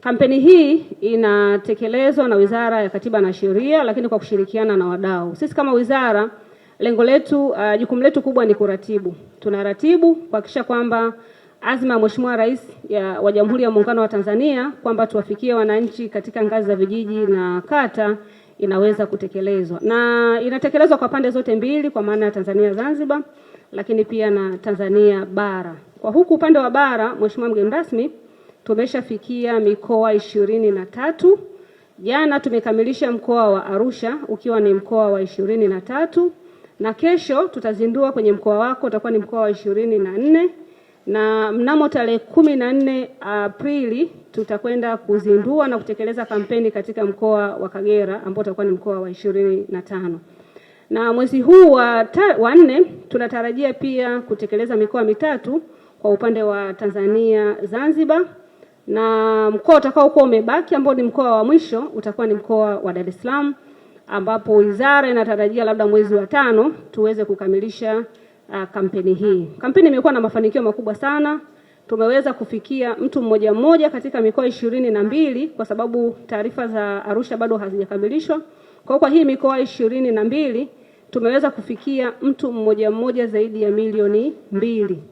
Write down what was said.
Kampeni hii inatekelezwa na Wizara ya Katiba na Sheria, lakini kwa kushirikiana na wadau. Sisi kama wizara, lengo letu uh, jukumu letu kubwa ni kuratibu. Tunaratibu kuhakikisha kwamba azma ya Mheshimiwa Rais wa Jamhuri ya Muungano wa Tanzania kwamba tuwafikie wananchi katika ngazi za vijiji na kata inaweza kutekelezwa na inatekelezwa kwa pande zote mbili, kwa maana ya Tanzania Zanzibar, lakini pia na Tanzania bara. Kwa huku upande wa bara, Mheshimiwa mgeni rasmi tumeshafikia mikoa ishirini na tatu. Jana tumekamilisha mkoa wa Arusha ukiwa ni mkoa wa ishirini na tatu, na kesho tutazindua kwenye mkoa wako utakuwa ni mkoa wa ishirini na nne na mnamo tarehe kumi na nne Aprili tutakwenda kuzindua na kutekeleza kampeni katika mkoa wa Kagera ambao utakuwa ni mkoa wa ishirini na tano na mwezi huu wa, wa nne tunatarajia pia kutekeleza mikoa mitatu kwa upande wa Tanzania Zanzibar na mkoa utakaokuwa umebaki ambao ni mkoa wa mwisho utakuwa ni mkoa wa Dar es Salaam, ambapo wizara inatarajia labda mwezi wa tano tuweze kukamilisha uh, kampeni hii. Kampeni imekuwa na mafanikio makubwa sana, tumeweza kufikia mtu mmoja mmoja katika mikoa ishirini na mbili kwa sababu taarifa za Arusha bado hazijakamilishwa. Kwa kwa hii mikoa ishirini na mbili tumeweza kufikia mtu mmoja mmoja zaidi ya milioni mbili.